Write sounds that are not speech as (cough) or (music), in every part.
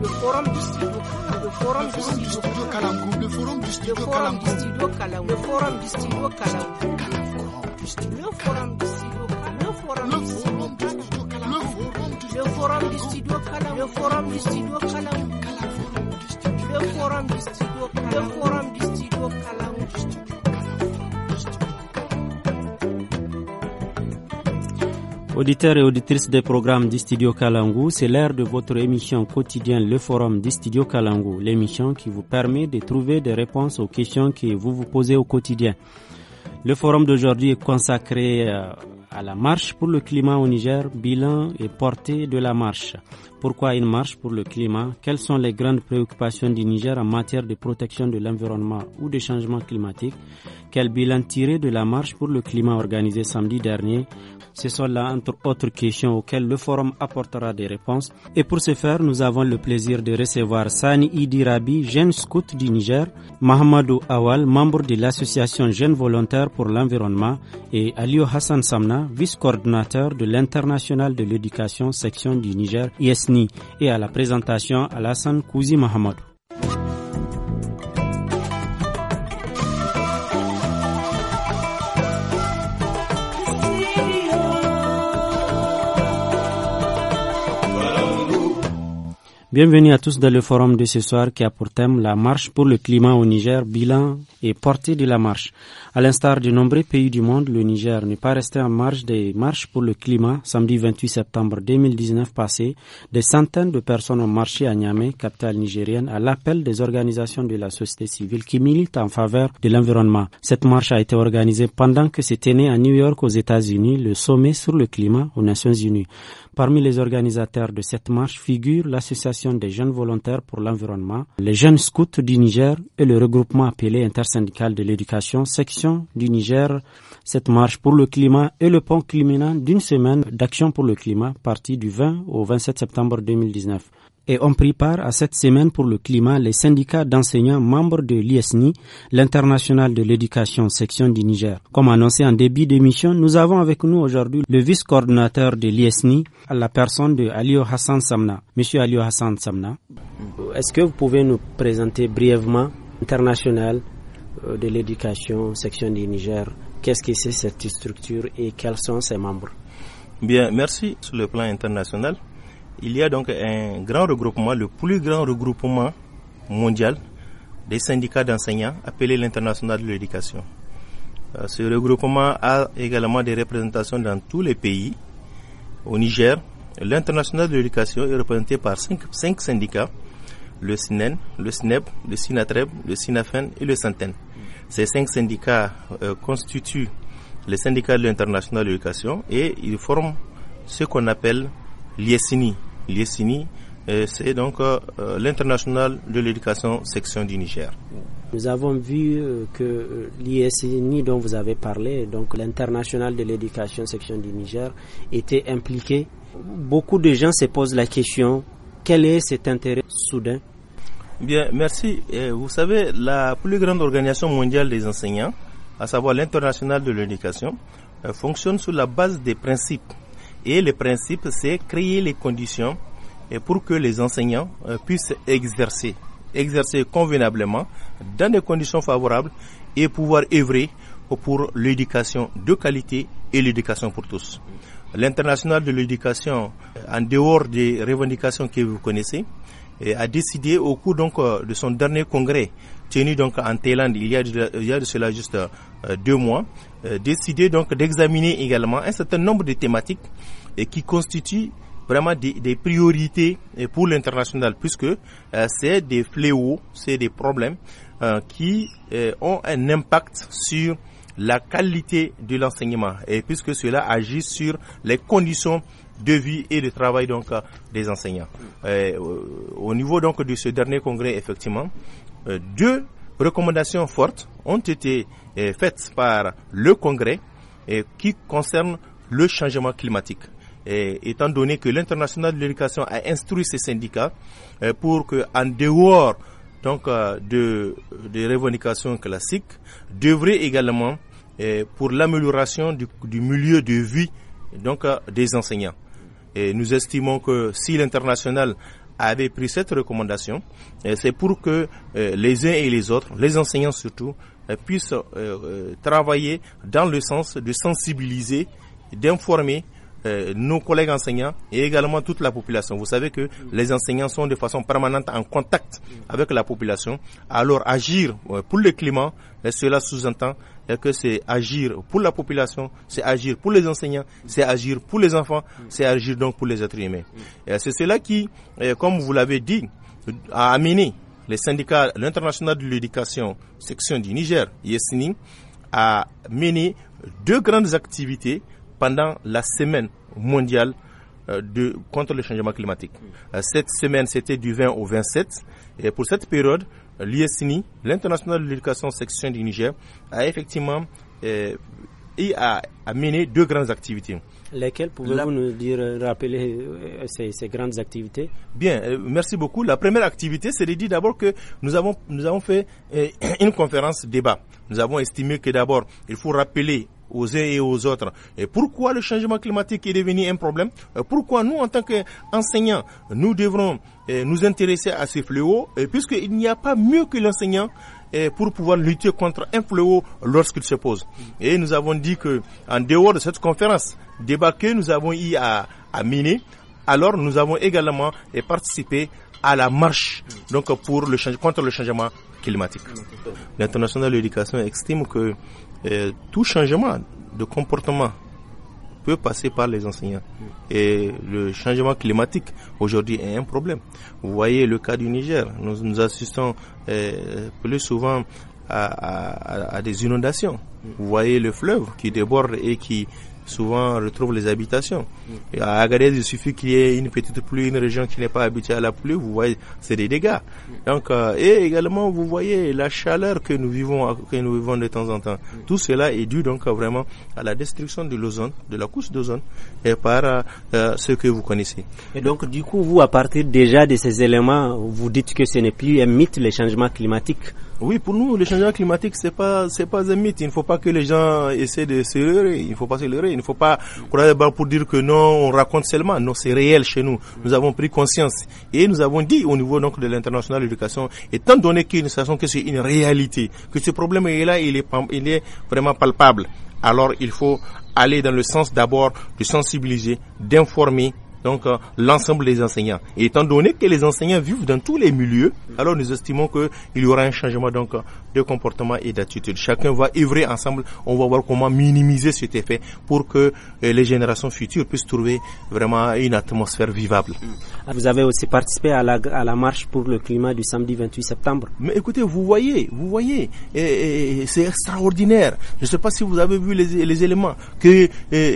le forum du studio le forum du le forum du le forum du le forum du le forum du le forum du le forum du forum du le forum forum Auditeurs et auditrices des programmes du Studio Kalangu, c'est l'heure de votre émission quotidienne Le Forum du Studio Kalangu, l'émission qui vous permet de trouver des réponses aux questions que vous vous posez au quotidien. Le forum d'aujourd'hui est consacré euh, à la marche pour le climat au Niger, bilan et portée de la marche. Pourquoi une marche pour le climat Quelles sont les grandes préoccupations du Niger en matière de protection de l'environnement ou de changement climatique Quel bilan tirer de la marche pour le climat organisée samedi dernier Ce sont là entre autres questions auxquelles le forum apportera des réponses. Et pour ce faire, nous avons le plaisir de recevoir Sani Idirabi, jeune scout du Niger, Mahamadou Awal, membre de l'association Jeunes Volontaires pour l'Environnement, et Alio Hassan Samna, vice-coordinateur de l'International de l'éducation section du Niger, ISN et à la présentation à Alassane Kouzi Mohamed. Bienvenue à tous dans le forum de ce soir qui a pour thème la marche pour le climat au Niger, bilan et portée de la marche. À l'instar de nombreux pays du monde, le Niger n'est pas resté en marche des marches pour le climat. Samedi 28 septembre 2019 passé, des centaines de personnes ont marché à Niamey, capitale nigérienne, à l'appel des organisations de la société civile qui militent en faveur de l'environnement. Cette marche a été organisée pendant que se tenait à New York aux États-Unis le sommet sur le climat aux Nations Unies. Parmi les organisateurs de cette marche figurent l'Association des jeunes volontaires pour l'environnement, les jeunes scouts du Niger et le regroupement appelé intersyndical de l'éducation, section du Niger. Cette marche pour le climat est le pont culminant d'une semaine d'action pour le climat, partie du 20 au 27 septembre 2019 et ont pris part à cette semaine pour le climat les syndicats d'enseignants membres de l'ISNI, l'International de l'éducation section du Niger. Comme annoncé en début d'émission, nous avons avec nous aujourd'hui le vice-coordinateur de l'ISNI, la personne de Alio Hassan Samna. Monsieur Alio Hassan Samna, est-ce que vous pouvez nous présenter brièvement l'international euh, de l'éducation section du Niger Qu'est-ce que c'est cette structure et quels sont ses membres Bien, merci. Sur le plan international, il y a donc un grand regroupement, le plus grand regroupement mondial des syndicats d'enseignants appelé l'International de l'éducation. Euh, ce regroupement a également des représentations dans tous les pays. Au Niger, l'International de l'éducation est représenté par cinq, syndicats, le SINEN, le SNEP, le SINATREB, le SINAFEN et le SANTEN. Ces cinq syndicats euh, constituent le syndicat de l'International de l'éducation et ils forment ce qu'on appelle l'IESINI, L'ISINI, c'est donc euh, euh, l'international de l'éducation section du Niger. Nous avons vu euh, que l'ISINI dont vous avez parlé, donc l'international de l'éducation section du Niger, était impliqué. Beaucoup de gens se posent la question, quel est cet intérêt soudain Bien, merci. vous savez, la plus grande organisation mondiale des enseignants, à savoir l'international de l'éducation, fonctionne sur la base des principes et le principe, c'est créer les conditions euh, pour que les enseignants euh, puissent exercer, exercer convenablement dans des conditions favorables et pouvoir œuvrer pour l'éducation de qualité et l'éducation pour tous. L'international de l'éducation, euh, en dehors des revendications que vous connaissez, a décidé au cours donc de son dernier congrès tenu donc en Thaïlande il y a de, cela juste euh, deux mois, euh, décidé donc d'examiner également un certain nombre de thématiques et euh, qui constituent vraiment des, priorités pour l'international puisque c'est des fléaux, c'est des problèmes qui ont un impact sur la qualité de l'enseignement et puisque cela agit sur les conditions de vie et de travail donc des enseignants. au niveau donc de ce dernier congrès effectivement, euh, deux recommandations fortes ont été euh, faites par le Congrès euh, qui concernent le changement climatique. Et étant donné que l'international de l'éducation a instruit ses syndicats pour que, en dehors donc de des revendications classiques, devrait également pour l'amélioration du, du, milieu de vie donc des enseignants. Et nous estimons que si l'international avait pris cette recommandation, euh, c'est pour que euh, les uns et les autres, les enseignants surtout, euh, puissent travailler dans le sens de sensibiliser, d'informer nos collègues enseignants et également toute la population. Vous savez que les enseignants sont de façon permanente en contact avec la population. Alors agir pour le climat, cela sous-entend et que c'est agir pour la population, c'est agir pour les enseignants, c'est agir pour les enfants, c'est agir donc pour les êtres humains. C'est cela qui, eh, comme vous l'avez dit, a amené les syndicats, l'international de l'éducation, section du Niger, Yesini, a mené deux grandes activités pendant la semaine mondiale euh, de, contre le changement climatique. Euh, cette semaine, c'était du 20 au 27. Et pour cette période, l'ISNI, l'International de l'éducation section du Niger, a effectivement euh, et a, mené deux grandes activités. Lesquelles pouvez-vous nous dire, rappeler euh, ces, grandes activités Bien, euh, merci beaucoup. La première activité, c'est de dire d'abord que nous avons, nous avons fait (coughs) une conférence débat. Nous avons estimé que d'abord, il faut rappeler aux uns et aux autres. Et pourquoi le changement climatique est devenu un problème euh, Pourquoi nous, en tant qu'enseignants, nous devrons euh, nous intéresser à ces fléaux, puisqu'il n'y a pas mieux que l'enseignant euh, pour pouvoir lutter contre un fléau lorsqu'il se pose. Et nous avons dit que, en dehors de cette conférence, débat que nous avons eu à, à alors nous avons également participé à la marche donc pour le contre le changement climatique. L'international de l'éducation estime que tout changement de comportement peut passer par les enseignants. Mm. Et le changement climatique aujourd'hui est un problème. Vous voyez le cas du Niger. Nous, nous assistons eh, plus souvent à, à, à, des inondations. Mm. Vous voyez le fleuve qui déborde et qui souvent on retrouve les habitations. à Agadez, il suffit qu'il y ait une petite pluie, une région qui n'est pas habituée à la pluie, vous voyez, c'est des dégâts. Donc, euh, et également, vous voyez la chaleur que nous vivons, que nous vivons de temps en temps. Tout cela est dû donc vraiment à la destruction de l'ozone, de la couche d'ozone, et par euh, euh, ce que vous connaissez. Et donc, du coup, vous, à partir déjà de ces éléments, vous dites que ce n'est plus un mythe, les changements climatiques. Oui, pour nous, le changement climatique, c'est pas, c'est pas un mythe. Il ne faut pas que les gens essaient de se leurrer. Il ne faut pas se leurrer. Il ne faut pas croire ben, pour dire que non, on raconte seulement. Non, c'est réel chez nous. Nous avons pris conscience. Et nous avons dit au niveau, donc, de l'international éducation, étant donné que nous que c'est une réalité, que ce problème est là, il il est vraiment palpable. Alors, il faut aller dans le sens d'abord de sensibiliser, d'informer, donc euh, l'ensemble des enseignants. Et étant donné que les enseignants vivent dans tous les milieux, alors nous estimons que il y aura un changement donc euh, de comportement et d'attitude. Chacun va œuvrer ensemble, on va voir comment minimiser cet effet pour que euh, les générations futures puissent trouver vraiment une atmosphère vivable. Mm. Ah, vous avez aussi participé à la, à la marche pour le climat du samedi 28 septembre. Mais écoutez, vous voyez, vous voyez, c'est extraordinaire. Je ne sais pas si vous avez vu les, les éléments, que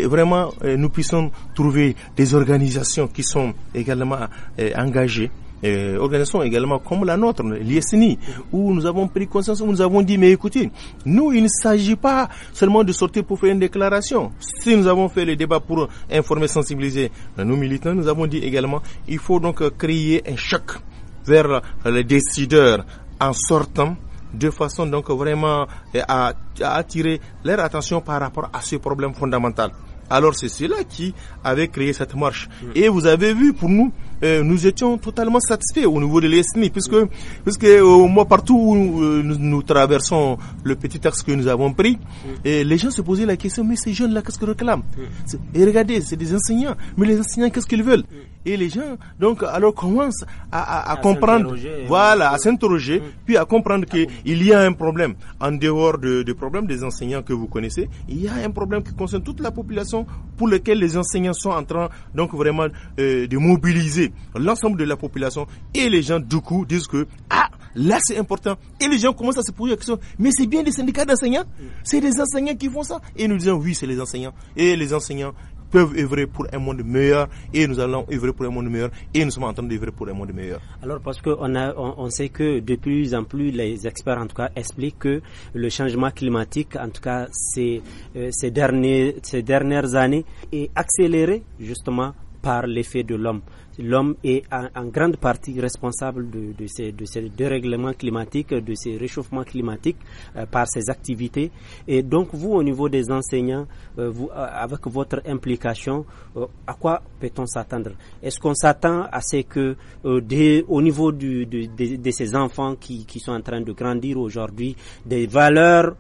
vraiment nous puissions trouver des organisations qui sont également euh, engagées euh, organisations également comme la nôtre, l'ISNI, où nous avons pris conscience, où nous avons dit, mais écoutez, nous, il ne s'agit pas seulement de sortir pour faire une déclaration. Si nous avons fait le débat pour informer, sensibiliser nos militants, nous avons dit également, il faut donc créer un choc vers les décideurs en sortant de façon donc vraiment euh, à attirer leur attention par rapport à ce problème fondamental. Alors c'est cela qui avait créé cette marche. Mm. Et vous avez vu, pour nous, euh, nous étions totalement satisfaits au niveau de l'ESMI puisque, euh, au puisque moi, partout où euh, nous, traversons le petit axe que nous avons pris, mm. les gens se posaient la question, mais ces jeunes-là, qu'est-ce qu'ils réclament mm. Et regardez, c'est des enseignants, mais les enseignants, qu'est-ce qu'ils veulent Et les gens, donc, alors commencent à, comprendre, hein. voilà, à s'interroger, puis à comprendre qu'il ah, y a un problème. En dehors des de, des enseignants que vous connaissez, il y a un problème qui concerne toute la population pour lesquelles les enseignants sont en train donc vraiment euh, de mobiliser l'ensemble de la population et les gens du coup disent que ah là c'est important et les gens commencent à se poser la question mais c'est bien des syndicats d'enseignants c'est des enseignants qui font ça et nous disons oui c'est les enseignants et les enseignants peuvent œuvrer pour un monde meilleur et nous allons œuvrer pour un monde meilleur et nous sommes en train d'œuvrer pour un monde meilleur. Alors parce qu'on on, on sait que de plus en plus les experts en tout cas expliquent que le changement climatique en tout cas ces, euh, derniers, ces dernières années est accéléré justement par l'effet de l'homme l'homme est en, grande partie responsable de, ces, dérèglements climatiques, de ces réchauffements climatiques euh, par ses activités. Et donc, vous, au niveau des enseignants, euh, vous, euh, avec votre implication, à quoi peut-on s'attendre Est-ce qu'on s'attend à ce que, au niveau de, ces enfants qui, sont en train de grandir aujourd'hui, des valeurs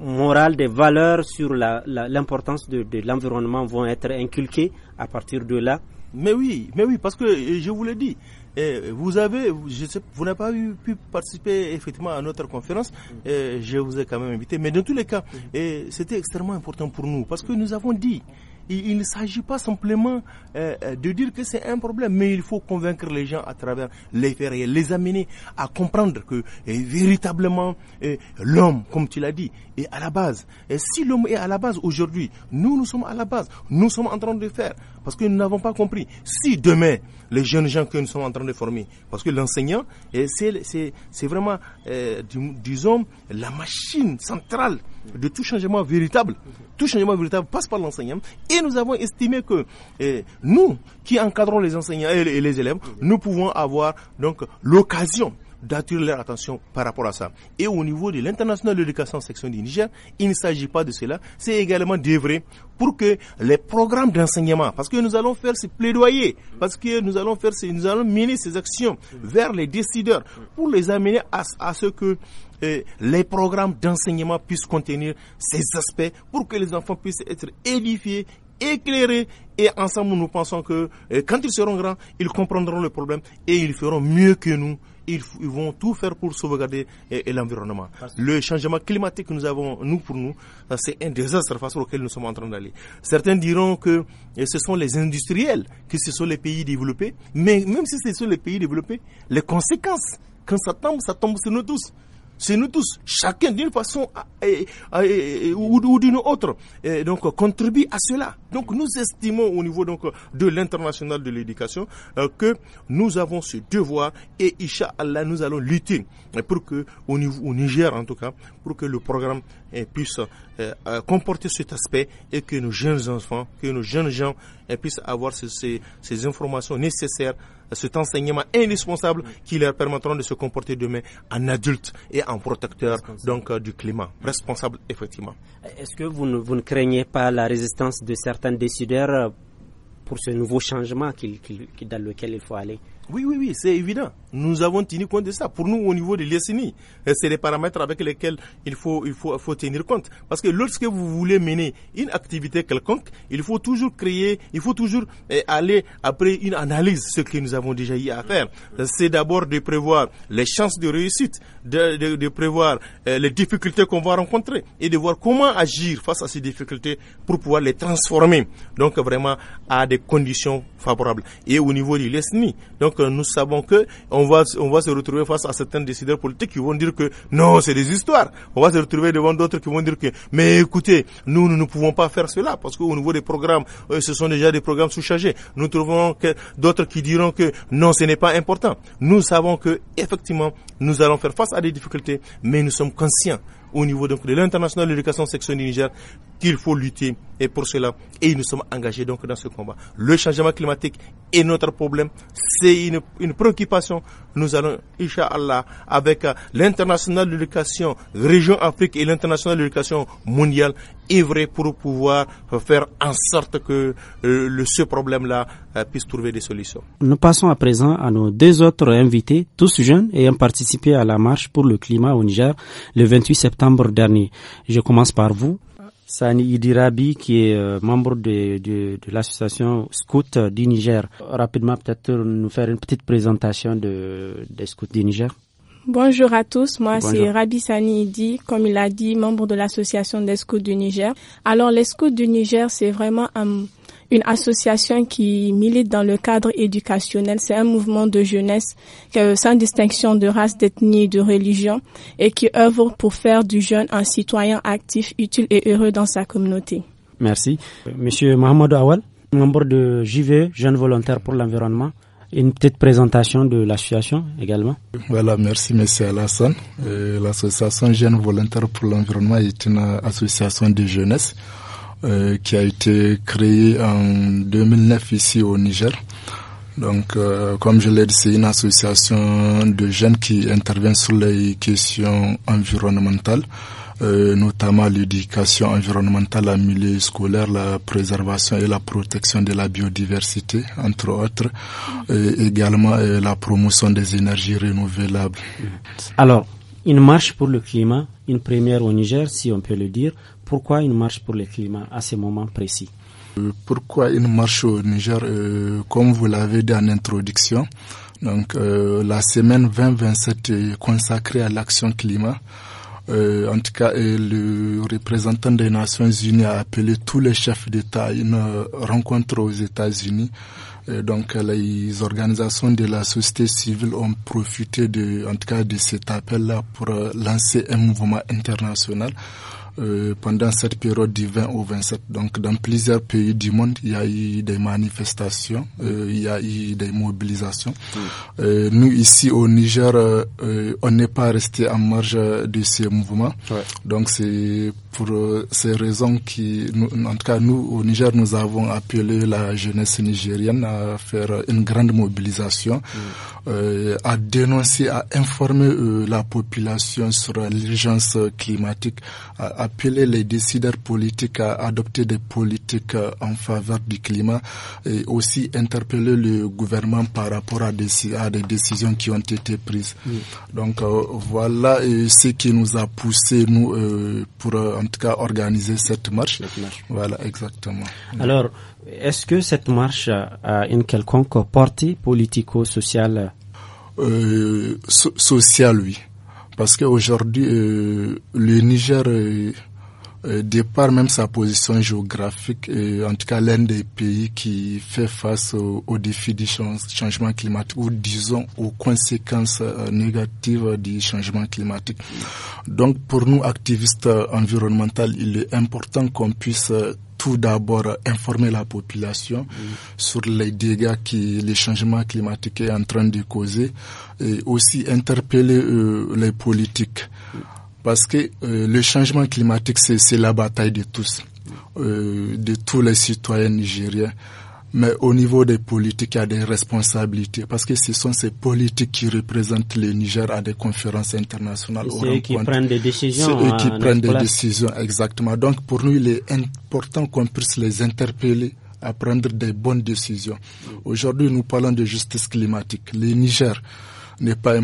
morales, des valeurs sur l'importance la, de, de l'environnement vont être inculquées à partir de là. Mais oui, mais oui, parce que euh, je vous l'ai dit, euh, vous avez, je sais, vous n'avez pas pu participer effectivement à notre conférence. Mm. Euh, je vous ai quand même invité, mais dans tous les cas, mm. c'était extrêmement important pour nous parce que nous avons dit. Il ne s'agit pas simplement de dire que c'est un problème, mais il faut convaincre les gens à travers les faire les amener à comprendre que véritablement l'homme, comme tu l'as dit, est à la base. Et si l'homme est à la base aujourd'hui, nous, nous sommes à la base. Nous sommes en train de faire parce que nous n'avons pas compris. Si demain, les jeunes gens que nous sommes en train de former, parce que l'enseignant, eh, c'est vraiment, eh, disons, la machine centrale de tout changement véritable. Tout changement véritable passe par l'enseignant. Et nous avons estimé que eh, nous, qui encadrons les enseignants et les élèves, nous pouvons avoir donc l'occasion d'attirer leur attention par rapport à ça. Et au niveau de l'international de l'éducation section du Niger, il ne s'agit pas de cela, c'est également d'œuvrer pour que les programmes d'enseignement, parce que nous allons faire ces plaidoyers, parce que nous allons faire ces, nous allons mener ces actions vers les décideurs pour les amener à, ce que euh, les programmes d'enseignement puissent contenir ces aspects pour que les enfants puissent être édifiés, éclairés et ensemble nous pensons que euh, quand ils seront grands, ils comprendront le problème et ils feront mieux que nous ils, vont tout faire pour sauvegarder eh, eh, l'environnement. Le changement climatique que nous avons, nous, pour nous, c'est un désastre face auquel nous sommes en train d'aller. Certains diront que eh, ce sont les industriels, que ce sont les pays développés, mais même si ce sont les pays développés, les conséquences, quand ça tombe, ça tombe sur nous tous. C'est nous tous, chacun d'une façon ou d'une autre, donc contribue à cela. Donc nous estimons au niveau donc de l'international de l'éducation euh, que nous avons ce devoir et Isha nous allons lutter pour que au niveau au Niger en tout cas pour que le programme eh, puisse euh, euh, comporter cet aspect et que nos jeunes enfants, que nos jeunes gens eh, puissent avoir ces, ces, informations nécessaires cet enseignement indispensable qui leur permettront de se comporter demain en adulte et en protecteur donc du climat responsable effectivement. Est-ce que vous ne, vous ne craignez pas la résistance de certains certains euh, pour ce nouveau changement dans lequel il faut aller. Oui, oui, oui, c'est évident. Nous avons tenu compte de ça. Pour nous, au niveau de l'ESNI, euh, c'est les paramètres avec lesquels il faut, il faut, faut tenir compte. Parce que lorsque vous voulez mener une activité quelconque, il faut toujours créer, il faut toujours euh, aller après une analyse, ce que nous avons déjà eu à mm. faire. C'est d'abord de prévoir les chances de réussite, de, de, prévoir euh, les difficultés qu'on va rencontrer et de voir comment agir face à ces difficultés pour pouvoir les transformer. Donc vraiment à des conditions favorables. Et au niveau du LESNI, donc nous savons que on va, se retrouver face à certains décideurs politiques qui vont dire que non, c'est des histoires. On va se retrouver devant d'autres qui vont dire que, mais écoutez, nous, nous ne pouvons pas faire cela parce qu'au niveau des programmes, euh, ce sont déjà des programmes sous-chargés. Nous trouvons que d'autres qui diront que non, ce n'est pas important. Nous savons que, effectivement, nous allons faire face à des difficultés, mais nous sommes conscients au niveau de l'international de l'éducation sexuelle du Niger qu'il faut lutter et pour cela et nous sommes engagés donc dans ce combat. Le changement climatique est notre problème, c'est une, préoccupation. Nous allons, Inch'Allah, avec euh, l'international de l'éducation région Afrique et l'international de l'éducation mondiale œuvrer pour pouvoir euh, faire en sorte que euh, ce problème-là euh, puisse trouver des solutions. Nous passons à présent à nos deux autres invités, tous jeunes ayant participé à la marche pour le climat au Niger le 28 septembre dernier. Je commence par vous. Sani Idirabi, qui est membre de, l'association Scout du Niger. Rapidement, peut-être nous faire une petite présentation de, des Scouts du Niger. Bonjour à tous, moi c'est Rabi Sani Idi, comme il a dit, membre de l'association des scouts du Niger. Alors les scouts du Niger, c'est vraiment une association qui milite dans le cadre éducationnel. C'est un mouvement de jeunesse euh, sans distinction de race, d'ethnie, de religion et qui œuvre pour faire du jeune un citoyen actif, utile et heureux dans sa communauté. Merci. Monsieur Mohamed Awal, membre de JV, Jeune Volontaire pour l'Environnement une petite présentation de l'association également. Voilà, merci Monsieur Alassane. Euh, l'association Jeunes Volontaires pour l'Environnement est une association de jeunesse euh, qui a été créée en 2009 ici au Niger. Donc, euh, comme je l'ai dit, c'est une association de jeunes qui intervient sur les questions environnementales. Euh, notamment l'éducation environnementale à milieu scolaire, la préservation et la protection de la biodiversité, entre autres, euh, également euh, la promotion des énergies renouvelables. Alors, une marche pour le climat, une première au Niger, si on peut le dire. Pourquoi une marche pour le climat à ce moment précis Pourquoi une marche au Niger Comme vous l'avez dit en introduction, donc la semaine 2027 est consacrée à l'action climat euh, en tout cas, euh, le représentant des Nations Unies a appelé tous les chefs d'État à une euh, rencontre aux États-Unis. Donc, les organisations de la société civile ont profité de, en tout cas, de cet appel-là pour lancer un mouvement international euh, pendant cette période du 20 au 27. Donc dans plusieurs pays du monde, il y a eu des manifestations, euh, il y a eu des mobilisations. Hmm. Euh, nous ici au Niger, on n'est pas resté en marge de ces mouvements. Donc c'est pour ces raisons qui, en tout cas nous au Niger, nous avons appelé la jeunesse nigérienne à faire une grande mobilisation, hmm. à dénoncer, à informer la population sur l'urgence climatique, à appeler les décideurs politiques à adopter des politiques en faveur du climat et aussi interpeller le gouvernement par rapport à des, à des décisions qui ont été prises. Donc euh, voilà ce qui nous a poussé nous euh, pour euh, en tout cas organiser cette marche. Voilà exactement. Alors est-ce que cette marche a une quelconque partie politico-sociale Sociale oui. Parce qu'aujourd'hui, euh, le Niger dépare euh, euh, départ même sa position géographique, en tout cas l'un des pays qui fait face aux défis du changement climatique ou disons aux conséquences négatives du changement climatique. Donc pour nous activistes environnementaux, il est important qu'on puisse tout d'abord informer la population sur les dégâts que les changements climatiques est en train de causer et aussi interpeller euh, les politiques. Parce que euh, le changement climatique, c'est la bataille de tous, euh, de tous les citoyens nigériens mais au niveau des politiques, il y a des responsabilités parce que ce sont ces politiques qui représentent le Niger à des conférences internationales. C'est eux qui prennent des décisions. C'est eux qui euh, prennent des décisions, exactement. Donc pour nous, il est important qu'on puisse les interpeller à prendre des bonnes décisions. Aujourd'hui, nous parlons de justice climatique. Le Niger, n'est pas euh,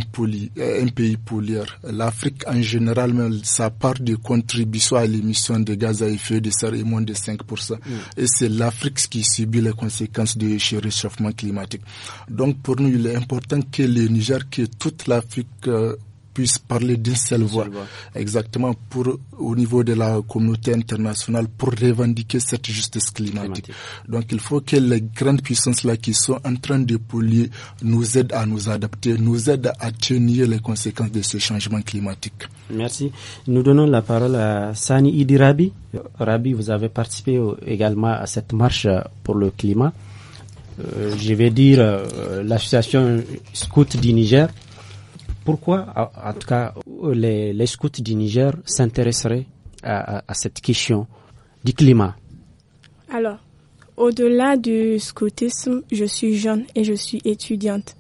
un, pays pollueur. L'Afrique en général, sa part de contribution à l'émission de gaz à effet de serre est moins de 5%. Mm. Et c'est l'Afrique qui subit les conséquences du réchauffement climatique. Donc pour nous, il est important que le Niger, que toute l'Afrique, euh, puisse parler d'une seule voix. Exactement pour, au niveau de la communauté internationale, pour revendiquer cette justice climatique. Donc il faut que les grandes puissances-là qui sont en train de polluer nous aident à nous adapter, nous aident à tenir les conséquences de ce changement climatique. Merci. Nous donnons la parole à Sani Idi Rabi. Rabi, vous avez participé également à cette marche pour le climat. Euh, je vais dire euh, l'association Scout du Niger pourquoi, en tout cas, les, scouts du Niger s'intéresseraient à, cette question du climat Alors, au-delà du scoutisme, je suis jeune et je suis étudiante.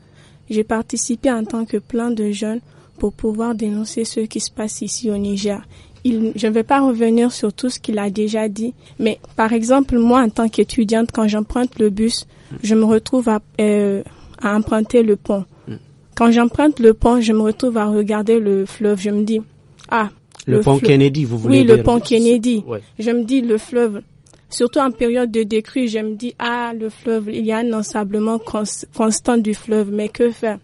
J'ai participé en tant que plein de jeunes pour pouvoir dénoncer ce qui se passe ici au Niger. je ne vais pas revenir sur tout ce qu'il a déjà dit, mais par exemple, moi, en tant qu'étudiante, quand j'emprunte le bus, je me retrouve à euh, emprunter le pont. Quand j'emprunte le pont, je me retrouve à regarder le fleuve. Je me dis, ah. Le, pont Kennedy, vous voulez dire. Oui, le pont Kennedy. Je me dis, le fleuve. Surtout en période de décrue, je me dis, ah, le fleuve, il y a un ensablement constant du fleuve, mais que faire?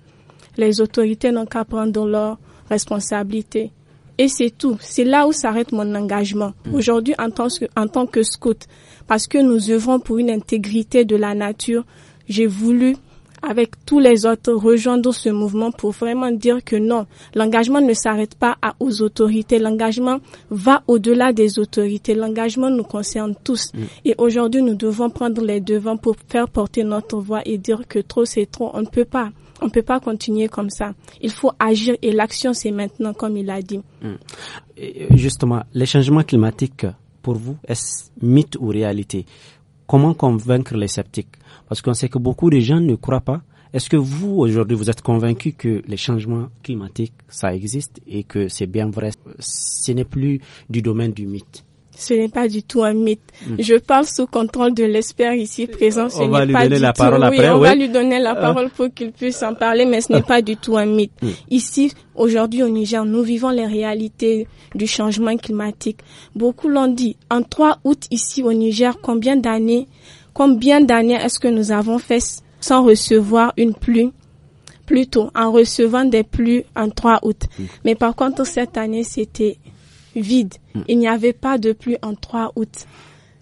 Les autorités n'ont qu'à prendre leurs responsabilités. Et c'est tout. C'est là où s'arrête mon engagement. Hmm. Aujourd'hui, en tant, que, en tant que scout, parce que nous œuvrons pour une intégrité de la nature, j'ai voulu avec tous les autres rejoindre ce mouvement pour vraiment dire que non, l'engagement ne s'arrête pas aux autorités, l'engagement va au-delà des autorités, l'engagement nous concerne tous. Mm. Et aujourd'hui, nous devons prendre les devants pour faire porter notre voix et dire que trop c'est trop, on ne peut pas. On peut pas continuer comme ça. Il faut agir et l'action, c'est maintenant, comme il a dit. Mm. Euh, justement, les changements climatiques, pour vous, est-ce mythe ou réalité Comment convaincre les sceptiques Parce qu'on sait que beaucoup de gens ne croient pas. Est-ce que vous, aujourd'hui, vous êtes convaincu que les changements climatiques, ça existe et que c'est bien vrai Ce n'est plus du domaine du mythe. Ce n'est pas du tout un mythe. Hmm. Je parle sous contrôle de l'espère ici présent. on va lui donner la tout. parole oui, On va lui donner la ah. parole pour qu'il puisse en parler, mais ce n'est pas du tout un mythe. Hmm. Ici, aujourd'hui au Niger, nous vivons les réalités du changement climatique. Beaucoup l'ont dit. En 3 août ici au Niger, combien d'années, combien d'années est-ce que nous avons fait sans recevoir une pluie? plutôt en recevant des pluies en 3 août. Hmm. Mais par contre, cette année, c'était vide. Il n'y avait pas de pluie en 3 août.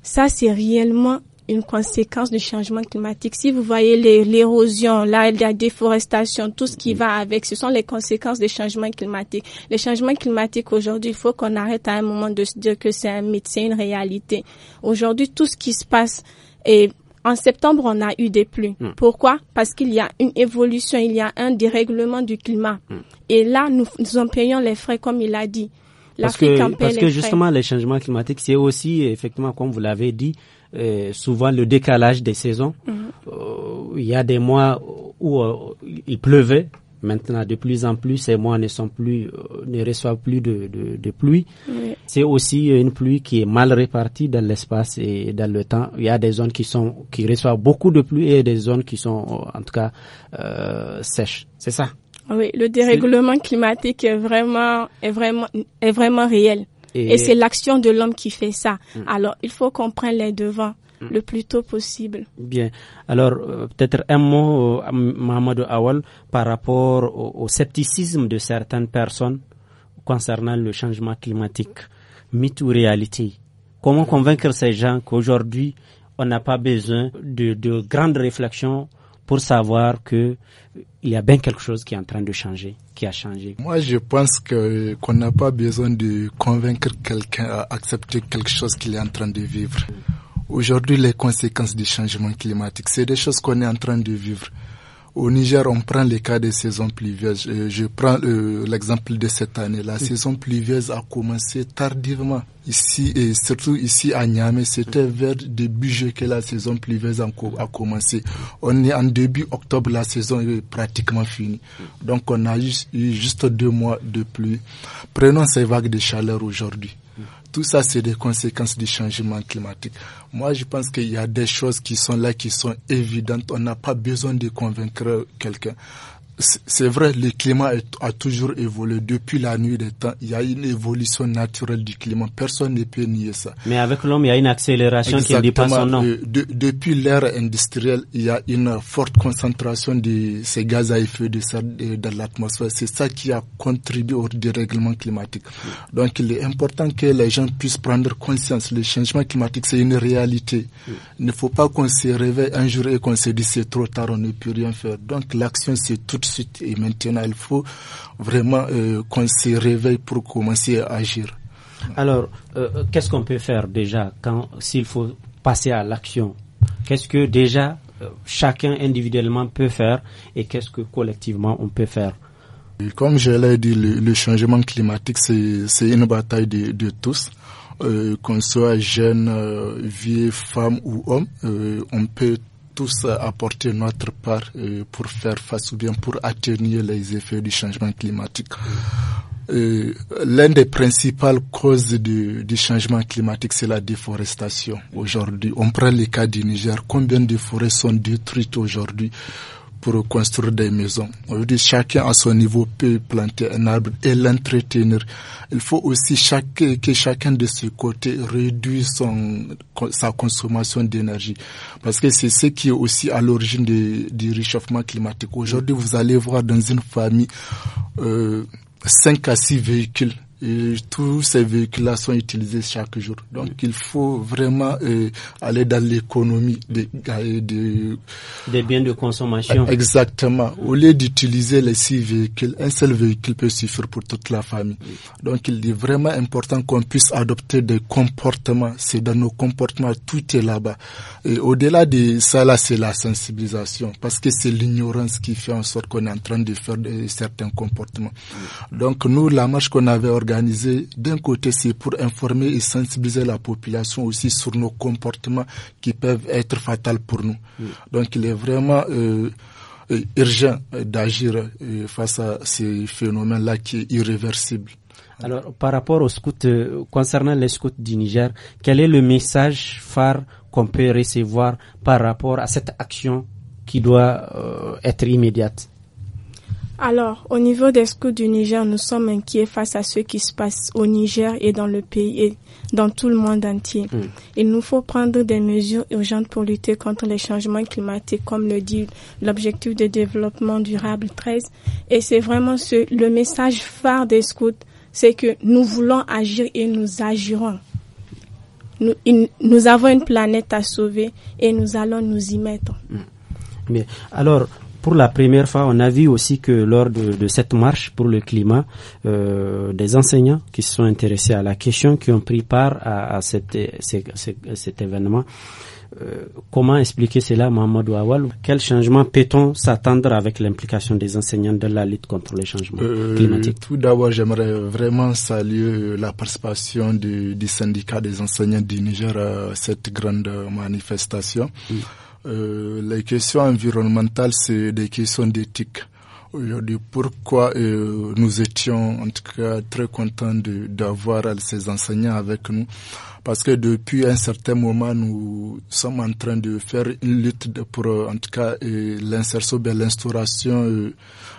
Ça, c'est réellement une conséquence du changement climatique. Si vous voyez l'érosion, la, déforestation, tout ce qui va avec, ce sont les conséquences des changements climatiques. Les changements climatiques aujourd'hui, il faut qu'on arrête à un moment de se dire que c'est un mythe, c'est une réalité. Aujourd'hui, tout ce qui se passe et en septembre, on a eu des pluies. Mm. Pourquoi Parce qu'il y a une évolution, il y a un dérèglement du climat. Mm. Et là, nous, nous en payons les frais, comme il a dit. Parce que, parce que justement, les changements climatiques, c'est aussi, effectivement, comme vous l'avez dit, euh, souvent le décalage des saisons. Mhm. Euh, il y a des mois où euh, il pleuvait, maintenant de plus en plus ces mois ne sont plus ne reçoivent plus de, de, pluie c'est aussi une pluie qui est mal répartie dans l'espace et dans le temps il y a des zones qui sont qui reçoivent beaucoup de pluie et des zones qui sont en tout cas sèches c'est ça oui, le dérèglement climatique est vraiment, est vraiment, est vraiment réel. Et, c'est l'action de l'homme qui fait ça. Mm. Alors, il faut qu'on prenne les devants mm. le plus tôt possible. Bien. Alors, euh, peut-être un mot, euh, Awal, par rapport au, scepticisme de certaines personnes concernant le changement climatique. Mythe ou réalité Comment convaincre ces gens qu'aujourd'hui, on n'a pas besoin de, de grandes réflexions pour savoir que il y a bien quelque chose qui est en train de changer, qui a changé. Moi, je pense que qu'on n'a pas besoin de convaincre quelqu'un à accepter quelque chose qu'il est en train de vivre. Aujourd'hui, les conséquences du changement climatique, c'est des choses qu'on est en train de vivre. Au Niger, on prend les cas des saisons pluvieuses. Euh, je prends euh, l'exemple de cette année. La saison pluvieuse a commencé tardivement ici et surtout ici à Niamey, c'était vers début juillet que la saison pluvieuse a commencé. On est en début octobre, la saison est pratiquement finie. Donc on a eu juste deux mois de pluie. Prenons ces vagues de chaleur aujourd'hui. Tout ça, c'est des conséquences du changement climatique. Moi, je pense qu'il y a des choses qui sont là, qui sont évidentes. On n'a pas besoin de convaincre quelqu'un c'est vrai, le climat a toujours évolué depuis la nuit des temps. Il y a une évolution naturelle du climat. Personne ne peut nier ça. Mais avec l'homme, il y a une accélération qui ne son nom. Euh, depuis l'ère industrielle, il y a une forte concentration de ces gaz à effet de serre euh, dans l'atmosphère. C'est ça qui a contribué au dérèglement climatique. Donc, il est important que les gens puissent prendre conscience. Le changement climatique, c'est une réalité. Il ne faut pas qu'on se réveille un jour et qu'on se dise c'est trop tard, on ne peut rien faire. Donc, l'action, c'est toute suite. Et maintenant, il faut vraiment euh, qu'on se réveille pour commencer à agir. Alors, euh, euh, qu'est-ce qu'on peut faire déjà quand s'il faut passer à l'action Qu'est-ce que déjà chacun individuellement peut faire et qu'est-ce que collectivement on peut faire Comme je l'ai dit, le, changement climatique, c'est une bataille de, tous. qu'on soit jeune, vieux, femme ou homme, on peut tous apporter notre part euh, pour faire face ou bien pour atténuer les effets du changement climatique. Euh, L'une des principales causes du, du changement climatique, c'est la déforestation aujourd'hui. On prend le cas du Niger. Combien de forêts sont détruites aujourd'hui pour construire des maisons. On veut chacun à son niveau peut planter un arbre et l'entretenir. Il faut aussi chaque, que chacun de ce côté réduise son, sa consommation d'énergie. Parce que c'est ce qui est aussi à l'origine du réchauffement climatique. Aujourd'hui, vous allez voir dans une famille euh, 5 à 6 véhicules et tous ces véhicules-là sont utilisés chaque jour. Donc il faut vraiment euh, aller dans l'économie des, euh, de, des biens de consommation. Ah, exactement. Au lieu d'utiliser les six véhicules, un seul véhicule peut suffire pour toute la famille. Donc il est vraiment important qu'on puisse adopter des comportements. C'est dans nos comportements, tout est là-bas. Et au-delà de ça, là, c'est la sensibilisation. Parce que c'est l'ignorance qui fait en sorte qu'on est en train de faire certains comportements. Donc nous, la marche qu'on avait Organiser, d'un côté, c'est pour informer et sensibiliser la population aussi sur nos comportements qui peuvent être fatals pour nous. Donc, il est vraiment euh, euh, urgent d'agir euh, face à ces phénomènes-là qui est irréversible. Alors, par rapport aux scouts, concernant les scouts du Niger, quel est le message phare qu'on peut recevoir par rapport à cette action qui doit être immédiate alors, au niveau des scouts du Niger, nous sommes inquiets face à ce qui se passe au Niger et dans le pays et dans tout le monde entier. Hmm. Il nous faut prendre des mesures urgentes pour lutter contre les changements climatiques, comme le dit l'objectif de développement durable 13. Et c'est vraiment ce, le message phare des scouts, c'est que nous voulons agir et nous agirons. Nous, avons une planète à sauver et nous allons nous y mettre. Hmm. Mais alors, pour la première fois, on a vu aussi que lors de, cette marche pour le climat, euh, des enseignants qui se sont intéressés à la question, qui ont pris part à, cette, cet événement, euh, comment expliquer cela, Mamadou Awal? Quel changement peut-on s'attendre avec l'implication des enseignants de la lutte contre les changements euh, climatiques Tout d'abord, j'aimerais vraiment saluer la participation du, du syndicat des enseignants du Niger à cette grande manifestation. Mm. Euh, les questions environnementales, c'est des questions d'éthique. Aujourd'hui, pourquoi euh, nous étions en tout cas très contents d'avoir ces enseignants avec nous parce que depuis un certain moment, nous sommes en train de faire une lutte pour, euh, en tout cas, l'insertion, ben, l'instauration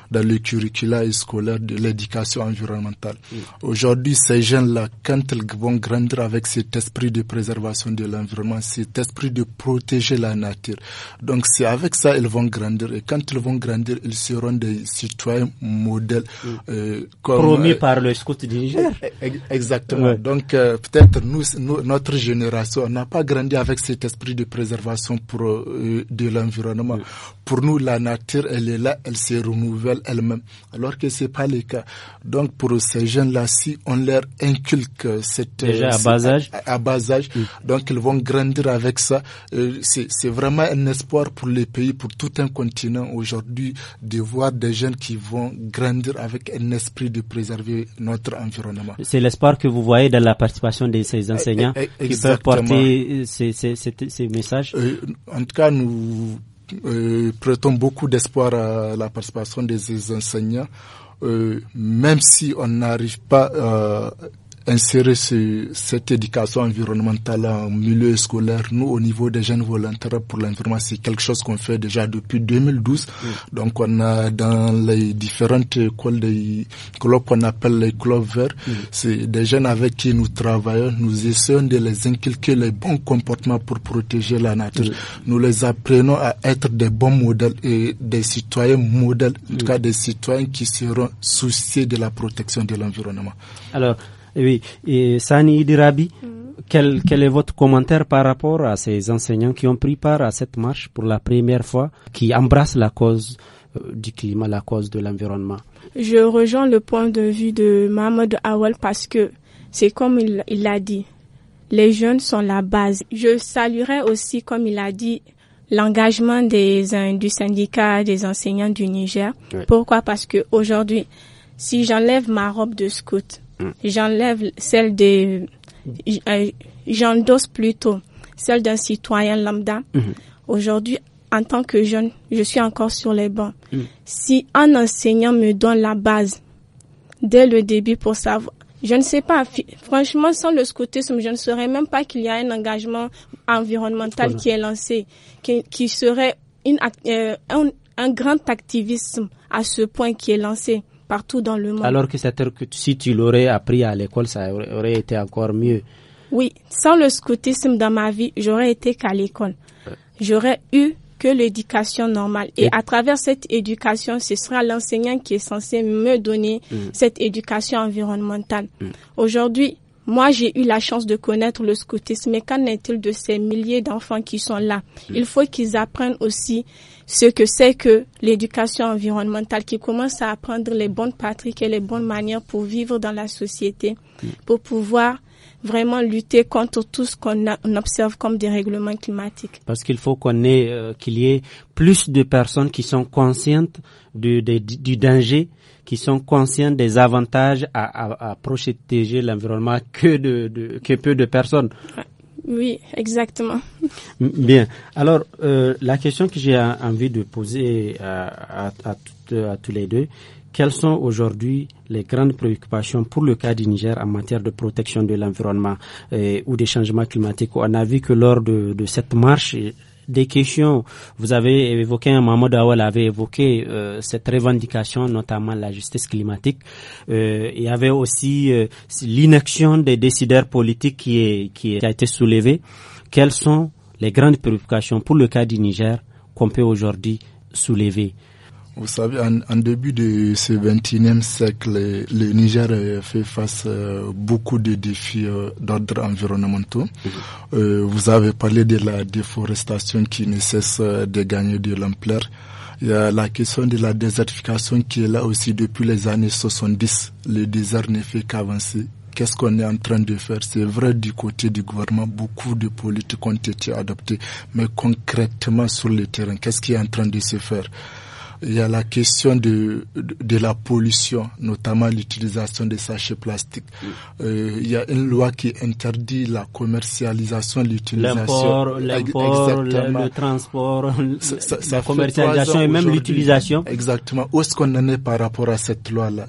dans le curricula scolaire de l'éducation environnementale. Aujourd'hui, ces jeunes-là, quand ils vont grandir avec cet esprit de préservation de l'environnement, cet esprit de protéger la nature, donc c'est avec ça ils vont grandir. Et quand ils vont grandir, ils seront des citoyens modèles. Euh, Promis euh, par le scout du eh, eh, Exactement. Donc euh, peut-être nous, notre génération, n'a pas grandi avec cet esprit de préservation pour, de l'environnement. Pour nous, la nature, elle est là, elle se renouvelle elle-même, alors que c'est pas le cas. Donc pour ces jeunes-là, si on leur inculque cette déjà à euh, bas âge, à, bas âge donc ils vont grandir avec ça. Euh, c'est vraiment un espoir pour les pays, pour tout un continent aujourd'hui de voir des jeunes qui vont grandir avec un esprit de préserver notre environnement. C'est l'espoir que vous voyez dans la participation de ces enseignants eh, eh, eh, qui peuvent porter ces messages. Euh, en tout cas, nous euh, prêtons beaucoup d'espoir à la participation des enseignants, euh, même si on n'arrive pas euh, insérer ce, cette éducation environnementale en milieu scolaire, nous, au niveau des jeunes volontaires pour l'environnement, c'est quelque chose qu'on fait déjà depuis 2012. Mm. Donc, on a dans les différentes écoles des clubs qu'on appelle les clubs verts, mm. c'est des jeunes avec qui nous travaillons. Nous essayons de les inculquer les bons comportements pour protéger la nature. Mm. Nous les apprenons à être des bons modèles et des citoyens modèles, en tout cas des citoyens qui seront souciés de la protection de l'environnement. Alors, oui. Et Sani Idirabi, mm. quel, est votre commentaire par rapport à ces enseignants qui ont pris part à cette marche pour la première fois, qui embrassent la cause euh, du climat, la cause de l'environnement Je rejoins le point de vue de Mahmoud Awal parce que c'est comme il l'a dit, les jeunes sont la base. Je saluerai aussi, comme il a dit, l'engagement des euh, du syndicat des enseignants du Niger. Pourquoi Parce que aujourd'hui, si j'enlève ma robe de scout, Mm. j'enlève celle de, euh, j'endosse plutôt celle d'un citoyen lambda. Mm-hmm. Aujourd'hui, en tant que jeune, je suis encore sur les bancs. Mm. Si un enseignant me donne la base dès le début pour savoir, je ne sais pas, franchement, sans le scoutisme, je ne saurais même pas qu'il y a un engagement environnemental qui est lancé, qui, serait une, euh, un, grand activisme à ce point qui est lancé partout dans le monde. Alors que si tu l'aurais appris à l'école, ça aurait été encore mieux. Oui, sans le scoutisme dans ma vie, j'aurais été qu'à l'école. J'aurais eu que l'éducation normale. Et, à travers cette éducation, ce sera l'enseignant qui est censé me donner mm. cette éducation environnementale. Mm. Aujourd'hui, moi, j'ai eu la chance de connaître le scoutisme, mais qu'en est-il de ces milliers d'enfants qui sont là mm. Il faut qu'ils apprennent aussi ce que c'est que l'éducation environnementale qui commence à apprendre les bonnes pratiques et les bonnes manières pour vivre dans la société, pour pouvoir vraiment lutter contre tout ce qu'on observe comme des règlements climatiques. Parce qu'il faut qu'on ait, euh, qu'il y ait plus de personnes qui sont conscientes du, du danger, qui sont conscientes des avantages à, à, protéger l'environnement que de, que peu de personnes. Oui, exactement. Bien. Alors, euh, la question que j'ai envie de poser à, à, tous les deux, quelles sont aujourd'hui les grandes préoccupations pour le cas du Niger en matière de protection de l'environnement euh, ou des changements climatiques On a vu que lors de, de cette marche, des questions. Vous avez évoqué, hein, Mahmoud Awal avait évoqué euh, cette revendication, notamment la justice climatique. Euh, il y avait aussi euh, l'inaction des décideurs politiques qui, qui a été soulevée. Quelles sont les grandes préoccupations pour le cas du Niger qu'on peut aujourd'hui soulever vous savez, en, début de ce 21e siècle, le Niger fait face à euh, beaucoup de défis euh, d'ordre environnementaux. Mhm. Euh, vous avez parlé de la déforestation qui ne cesse de gagner de l'ampleur. Il y a la question de la désertification qui est là aussi depuis les années 70. Le désert ne fait qu'avancer qu'est-ce qu'on est en train de faire. C'est vrai du côté du gouvernement, beaucoup de politiques ont été adoptées, mais concrètement sur le terrain, qu'est-ce qui est en train de se faire il y a la question de, de, la pollution, notamment l'utilisation des sachets plastiques. Euh, il y a une loi qui interdit la commercialisation, l'utilisation. L'import, le, le, transport, la commercialisation et même l'utilisation. Exactement. Où est-ce qu'on en est par rapport à cette loi-là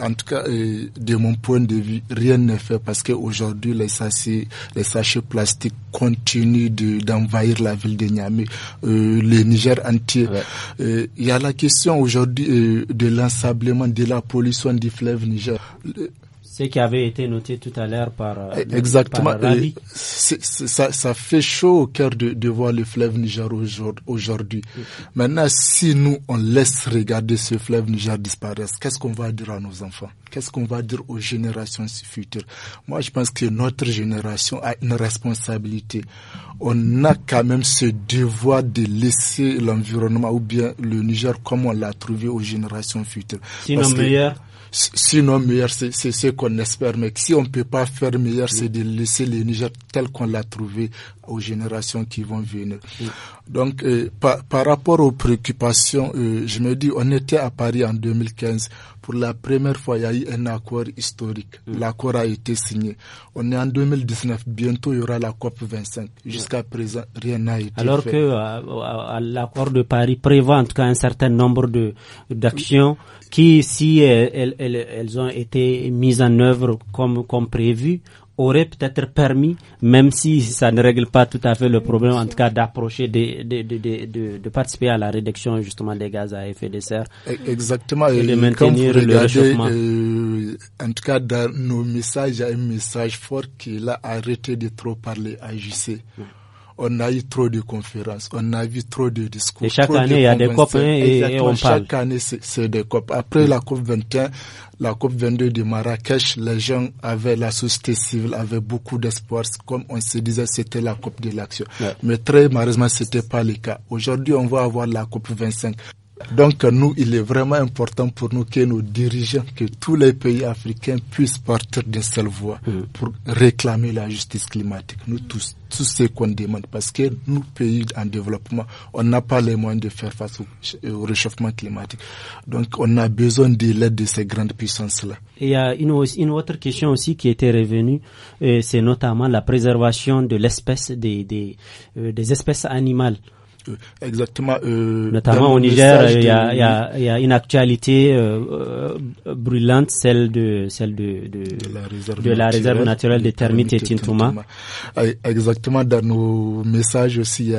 En tout cas, de mon point de vue, rien n'est fait parce qu'aujourd'hui, les sachets, les sachets plastiques continuent d'envahir la ville de Niamey, euh, le Niger entier. Euh, il y a la question aujourd'hui euh, de l'ensablement, de la pollution du fleuve Niger, ce qui avait été noté tout à l'heure par. Euh, eh, exactement. Par euh, eh, ça, fait chaud au cœur de, de voir le fleuve Niger aujourd'hui. Maintenant, si nous, on laisse regarder ce fleuve Niger disparaître, qu'est-ce qu'on va dire à nos enfants Qu'est-ce qu'on va dire aux générations futures Moi, je pense que notre génération a une responsabilité. On a quand même ce devoir de laisser l'environnement ou bien le Niger comme on l'a trouvé aux générations futures. Sinon, meilleur sinon meilleur, c'est ce qu'on espère. Mais si on ne peut pas faire meilleur, c'est de laisser le Niger tel qu'on l'a trouvé aux générations qui vont venir. Donc, euh, par, rapport aux préoccupations, euh, je me dis, on était à Paris en 2015. Pour la première fois, il y a eu un accord historique. Mm. L'accord a été signé. On est en 2019. Bientôt, il y aura la COP 25. Jusqu'à présent, rien n'a été Alors fait. Alors que euh, l'accord de Paris prévoit en tout cas un certain nombre de d'actions qui, si elles, ont été mises en œuvre comme, comme prévu, aurait peut-être permis, même si ça ne règle pas tout à fait le problème, en tout cas d'approcher, de, de, participer à la réduction justement des gaz à effet de serre. E, exactement. Et de maintenir le réchauffement. Euh, en tout cas, dans nos messages, il y a un message fort qui est là, de trop parler, agissez. JC on a eu trop de conférences, on a vu trop de discours. Et chaque année, il y a des hein, et, on parle. Chaque année, c'est des COP. Après la Coupe 21, la COP 22 de Marrakech, les gens avaient, la société civile avait beaucoup d'espoir. Comme on se disait, c'était la Coupe de l'action. Mais très malheureusement, c'était pas le cas. Aujourd'hui, on va avoir la COP 25. Donc nous, il est vraiment important pour nous que nos dirigeants, que tous les pays africains puissent partir d'une seule voie mm. pour réclamer la justice climatique. Nous tous, tout ce qu'on demande, parce que nous, pays en développement, on n'a pas les moyens de faire face au, réchauffement climatique. Donc on a besoin de l'aide de ces grandes puissances-là. Il y a une, autre question aussi qui était revenue, euh, c'est notamment la préservation de l'espèce des, des euh, espèces animales. Euh, exactement. Euh, Notamment au Niger, il y, a, une actualité euh, brûlante, celle de celle de, la réserve, naturelle, réserve naturelle des termites et Tintouma. Exactement. Dans nos messages aussi,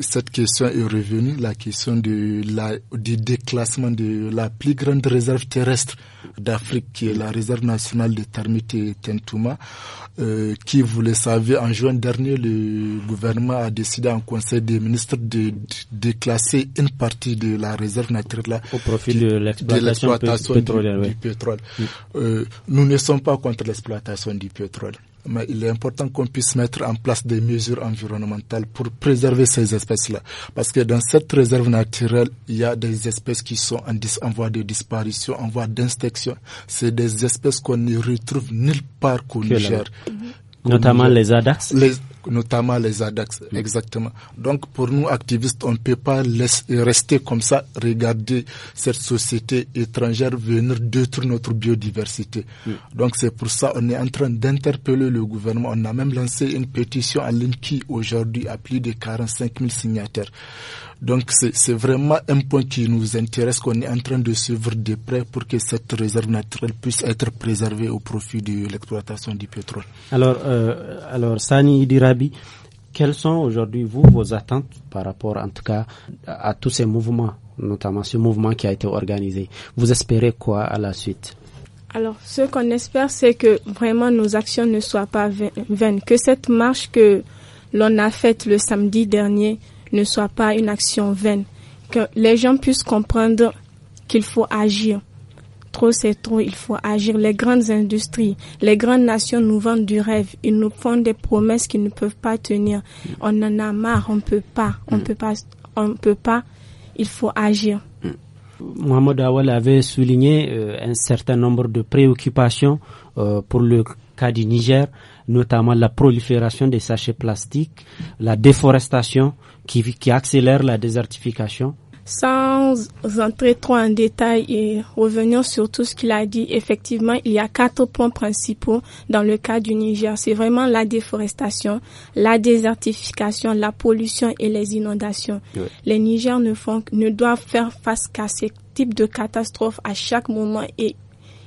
cette question est revenue, la question de la, du déclassement de la plus grande réserve terrestre d'Afrique, qui est la réserve nationale de Termite et euh, qui, vous le savez, en juin dernier, le gouvernement a décidé en Conseil des ministres de, déclasser une partie de la réserve naturelle au profit de l'exploitation Du, pétrole. Euh, nous ne sommes pas contre l'exploitation du pétrole mais il est important qu'on puisse mettre en place des mesures environnementales pour préserver ces espèces-là. Parce que dans cette réserve naturelle, il y a des espèces qui sont en, voie de disparition, en voie d'extinction. C'est des espèces qu'on ne retrouve nulle part qu'au Niger. Notamment les ADAS notamment les ADAX. Mm. Exactement. Donc pour nous activistes, on ne peut pas rester comme ça, regarder cette société étrangère venir détruire notre biodiversité. Mm. Donc c'est pour ça on est en train d'interpeller le gouvernement. On a même lancé une pétition en ligne qui aujourd'hui a plus de 45 000 signataires. Donc c'est vraiment un point qui nous intéresse, qu'on est en train de suivre de près pour que cette réserve naturelle puisse être préservée au profit de l'exploitation du pétrole. Alors, euh, alors Sani Idirab quelles sont aujourd'hui, vous, vos attentes par rapport, en tout cas, à tous ces mouvements, notamment ce mouvement qui a été organisé Vous espérez quoi à la suite alors, ce qu'on espère, c'est que vraiment nos actions ne soient pas vaines, que cette marche que l'on a faite le samedi dernier ne soit pas une action vaine, que les gens puissent comprendre qu'il faut agir. Trop c'est trop, il faut agir. Les grandes industries, les grandes nations nous vendent du rêve. Ils nous font des promesses qu'ils ne peuvent pas tenir. On en a marre, on peut pas, on mm. peut pas, on peut pas. Il faut agir. Mm. Mohamed Awal avait souligné euh, un certain nombre de préoccupations euh, pour le cas du Niger, notamment la prolifération des sachets plastiques, la déforestation qui accélère la désertification, sans entrer trop en détail et revenir sur tout ce qu'il a dit, effectivement, il y a quatre points principaux dans le cas du Niger. C'est vraiment la déforestation, la désertification, la pollution et les inondations. Les Niger ne, font, ne doivent faire face qu'à ce type de catastrophes à chaque moment et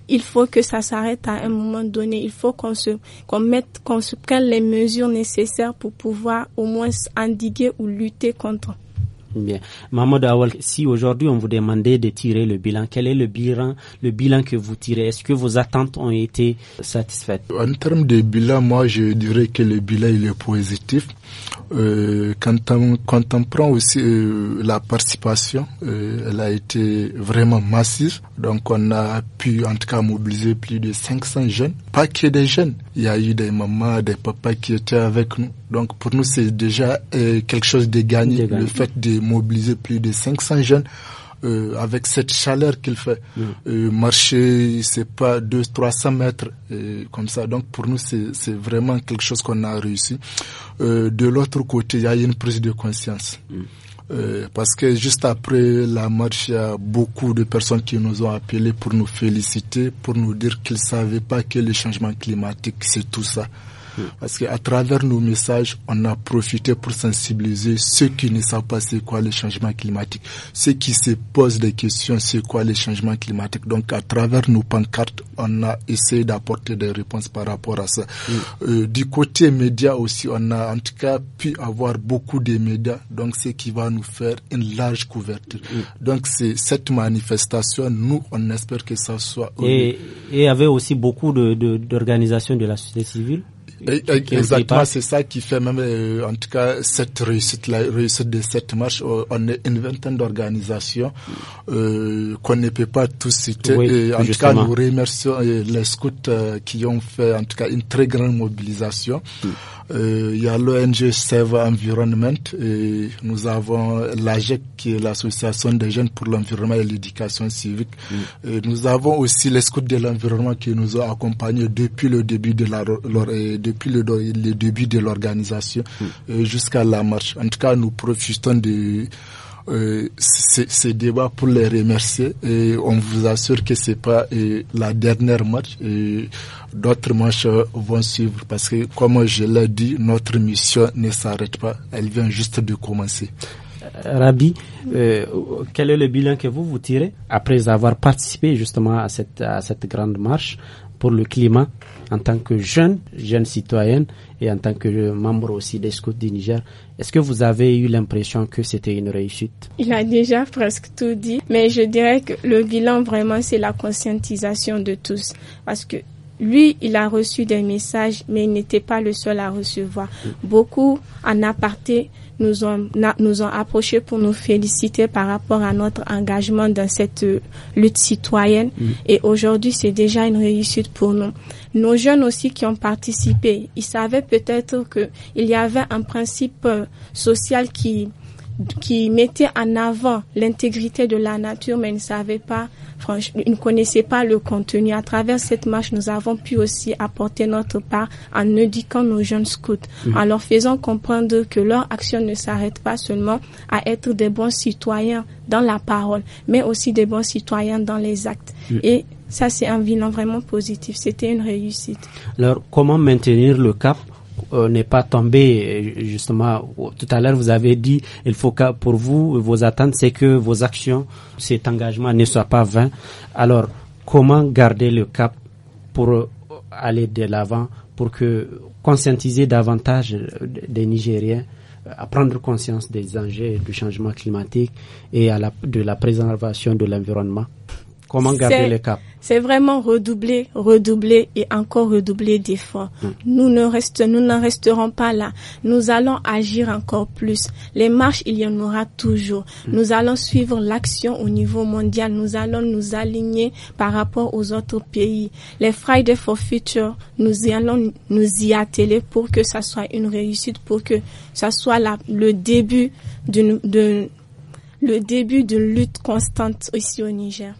il faut que ça s'arrête à un moment donné. Il faut qu'on se, qu'on mette, qu'on se prenne les mesures nécessaires pour pouvoir au moins endiguer ou lutter contre. Bien. Mahmoud si aujourd'hui on vous demandait de tirer le bilan, quel est le bilan, le bilan que vous tirez Est-ce que vos attentes ont été satisfaites En termes de bilan, moi je dirais que le bilan est positif. Euh, quand, on, prend aussi euh, la participation, euh, elle a été vraiment massive. Donc on a pu en tout cas mobiliser plus de 500 jeunes. Pas que des jeunes. Il y a eu des mamans, des papas qui étaient avec nous. Donc pour nous, c'est déjà euh, quelque chose de gagné, le fait de mobiliser plus de 500 jeunes. Euh, avec cette chaleur qu'il fait, mm. euh, marcher, c'est pas 200, 300 mètres, euh, comme ça. Donc, pour nous, c'est vraiment quelque chose qu'on a réussi. de l'autre côté, il y a une prise de conscience. Mm. parce que juste après la marche, il y a beaucoup de personnes qui nous ont appelés pour nous féliciter, pour nous dire qu'ils savaient pas que le changement climatique, c'est tout ça. Parce qu'à travers nos messages, on a profité pour sensibiliser ceux qui ne savent pas c'est quoi le changement climatique, ceux qui se posent des questions c'est quoi le changement climatique. Donc à travers nos pancartes, on a essayé d'apporter des réponses par rapport à ça. Euh, du côté média aussi, on a en tout cas pu avoir beaucoup de médias, donc ce qui va nous faire une large couverture. Donc c'est cette manifestation, nous on espère que ça soit... Et, il y avait aussi beaucoup d'organisations de, de la société civile exactement, c'est ça qui fait même, euh, en tout cas, cette réussite, la réussite de cette marche. Euh, on est une vingtaine d'organisations euh, qu'on ne peut pas tout citer. et en tout cas, nous remercions les scouts qui ont fait, en tout cas, une très grande mobilisation. Mm. Euh, il y a l'ONG Save Environment et nous avons l'AGEC qui est l'association des jeunes pour l'environnement et l'éducation civique. Mm. nous avons aussi les scouts de l'environnement qui nous ont accompagnés depuis le début de la depuis le, début de l'organisation mm. euh, jusqu'à la marche. En tout cas, nous profitons de euh, ces débats pour les remercier. Et on vous assure que c'est pas euh, la dernière marche d'autres marches euh, vont suivre parce que, comme je l'ai dit, notre mission ne s'arrête pas. Elle vient juste de commencer. Euh, Rabi, quel est le bilan que vous vous tirez après avoir participé justement à cette, à cette grande marche pour le climat en tant que jeune, jeune citoyenne et en tant que membre aussi des scouts du Niger. Est-ce que vous avez eu l'impression que c'était une réussite Il a déjà presque tout dit, mais je dirais que le bilan vraiment c'est la conscientisation de tous parce que lui, il a reçu des messages, mais il n'était pas le seul à recevoir. Mm. Beaucoup en aparté nous ont, nous ont approchés pour nous féliciter par rapport à notre engagement dans cette lutte citoyenne. Mm. Et aujourd'hui, c'est déjà une réussite pour nous. Nos jeunes aussi qui ont participé, ils savaient peut-être qu'il y avait un principe euh, social qui, qui mettaient en avant l'intégrité de la nature, mais ne savaient pas, franchement, ne connaissaient pas le contenu. À travers cette marche, nous avons pu aussi apporter notre part en éduquant nos jeunes scouts, mm. en leur faisant comprendre que leur action ne s'arrête pas seulement à être des bons citoyens dans la parole, mais aussi des bons citoyens dans les actes. Mm. Et ça, c'est un bilan vraiment positif. C'était une réussite. Alors, comment maintenir le cap euh, n'est pas tombé justement tout à l'heure vous avez dit il faut que pour vous vos attentes c'est que vos actions cet engagement ne soit pas vain alors comment garder le cap pour euh, aller de l'avant pour que conscientiser davantage euh, des Nigériens à prendre conscience des enjeux du changement climatique et à la, de la préservation de l'environnement Comment garder le cap C'est vraiment redoubler, redoubler et encore redoubler d'efforts. Mm. Nous ne restons, nous n'en resterons pas là. Nous allons agir encore plus. Les marches, il y en aura toujours. Mm. Nous allons suivre l'action au niveau mondial. Nous allons nous aligner par rapport aux autres pays. Les Fridays for Future, nous allons nous y atteler pour que ça soit une réussite, pour que ça soit la, le début d'une le début d'une lutte constante aussi au Niger.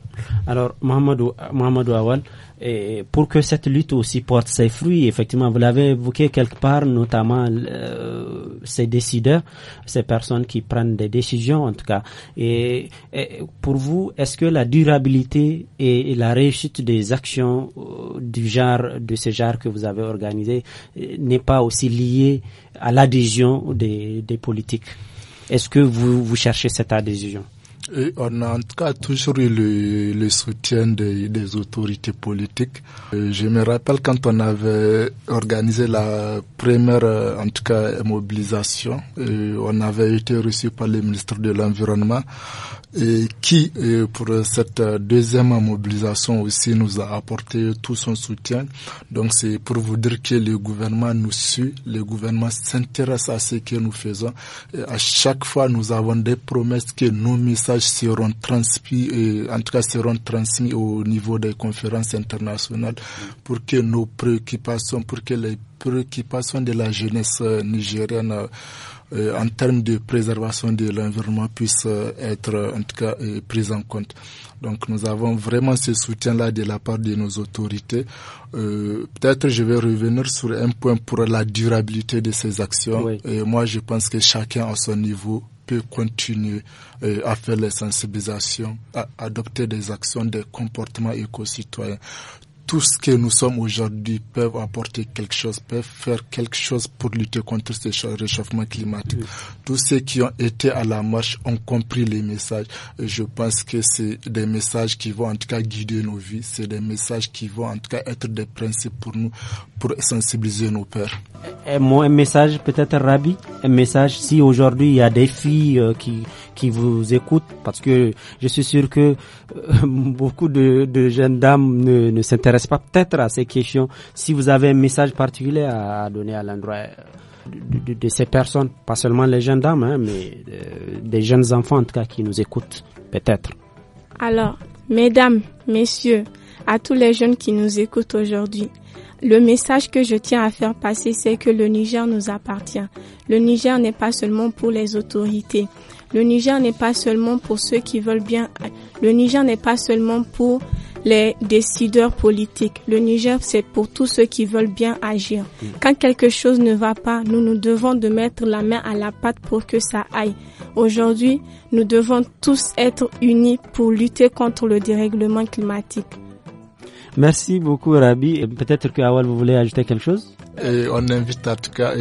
Alors, Mohamedou, Mohamedou Awal, eh, pour que cette lutte aussi porte ses fruits, effectivement, vous l'avez évoqué quelque part, notamment euh, ces décideurs, ces personnes qui prennent des décisions en tout cas. Et, eh, pour vous, est-ce que la durabilité et, la réussite des actions euh, du genre, de ce genre que vous avez organisé, eh, n'est pas aussi liée à l'adhésion des, des politiques est-ce que vous, vous cherchez cette adhésion on a en tout cas toujours eu le, soutien des, autorités politiques. Euh, je me rappelle quand on avait organisé la première, euh, en tout cas, mobilisation, euh, on avait été reçu par le ministre de l'Environnement et qui, pour cette deuxième mobilisation aussi, nous a apporté tout son soutien. Donc c'est pour vous dire que le gouvernement nous suit, le gouvernement s'intéresse à ce que nous faisons. à chaque fois, nous avons des promesses que nos messages seront transmis, en tout cas seront transmis au niveau des conférences internationales pour que nos préoccupations, pour que les préoccupations de la jeunesse nigérienne euh, en termes de préservation de l'environnement puisse euh, être en tout cas euh, prise en compte. Donc nous avons vraiment ce soutien-là de la part de nos autorités. Peut-être je vais revenir sur un point pour la durabilité de ces actions. Et moi je pense que chacun à son niveau peut continuer à faire les sensibilisations, à adopter des actions, des comportements éco-citoyens tout ce que nous sommes aujourd'hui peuvent apporter quelque chose, peuvent faire quelque chose pour lutter contre ce réchauffement climatique. Tous ceux qui ont été à la marche ont compris les messages. je pense que c'est des messages qui vont en tout cas guider nos vies. C'est des messages qui vont en tout cas être des principes pour nous, pour sensibiliser nos pères. Et moi, un message peut-être, Rabbi, un message si aujourd'hui il y a des filles euh, qui qui vous écoutent, parce que je suis sûr que euh, (laughs) beaucoup de, jeunes dames ne, s'intéressent pas peut-être à ces questions. Si vous avez un message particulier à donner à l'endroit euh, de, ces personnes, pas seulement les jeunes dames, hein, mais euh, des jeunes enfants en tout cas qui nous écoutent, peut-être. Alors, mesdames, messieurs, à tous les jeunes qui nous écoutent aujourd'hui, le message que je tiens à faire passer, c'est que le Niger nous appartient. Le Niger n'est pas seulement pour les autorités. Le Niger n'est pas seulement pour ceux qui veulent bien. Le Niger n'est pas seulement pour les décideurs politiques. Le Niger, c'est pour tous ceux qui veulent bien agir. Mm. Quand quelque chose ne va pas, nous nous devons de mettre la main à la pâte pour que ça aille. Aujourd'hui, nous devons tous être unis pour lutter contre le dérèglement climatique. Merci beaucoup, Rabi. Peut-être que Awal, vous voulez ajouter quelque chose? Et on invite en tout cas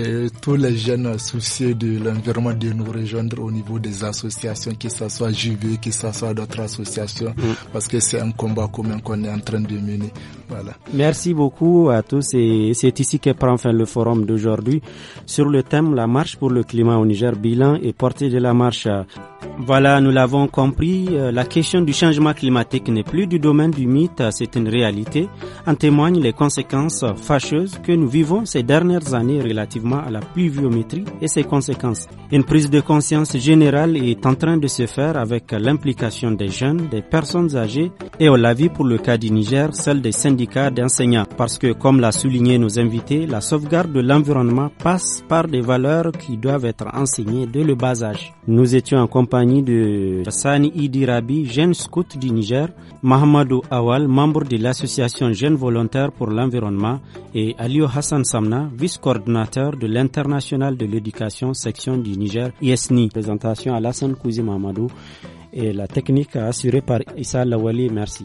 tous les jeunes associés de l'environnement de nous rejoindre au niveau des associations, que ce soit JV, que ce soit d'autres associations, mm. parce que c'est un combat commun qu'on est en train de mener. Voilà. Merci beaucoup à tous et c'est ici que prend fin le forum d'aujourd'hui sur le thème La marche pour le climat au Niger, bilan et portée de la marche. Voilà, nous l'avons compris, euh, la question du changement climatique n'est plus du domaine du mythe, c'est une réalité. En témoignent les conséquences fâcheuses que nous vivons ces dernières années relativement à la pluviométrie et ses conséquences. Une prise de conscience générale est en train de se faire avec l'implication des jeunes, des personnes âgées et au l'a vu pour le cas du Niger, celle des syndicats d'enseignants. Parce que, comme l'a souligné nos invités, la sauvegarde de l'environnement passe par des valeurs qui doivent être enseignées dès le bas âge. Nous étions en compagnie de Hassani Idirabi, jeune scout du Niger, Mahamadou Awal, membre de l'association Jeunes Volontaires pour l'Environnement, et Alio Hassan Samna, vice-coordinateur de l'International de l'Éducation, section du Niger, ISNI. Présentation à Hassan Kouzi Mahamadou et la technique assurée par Issa Lawali. Merci.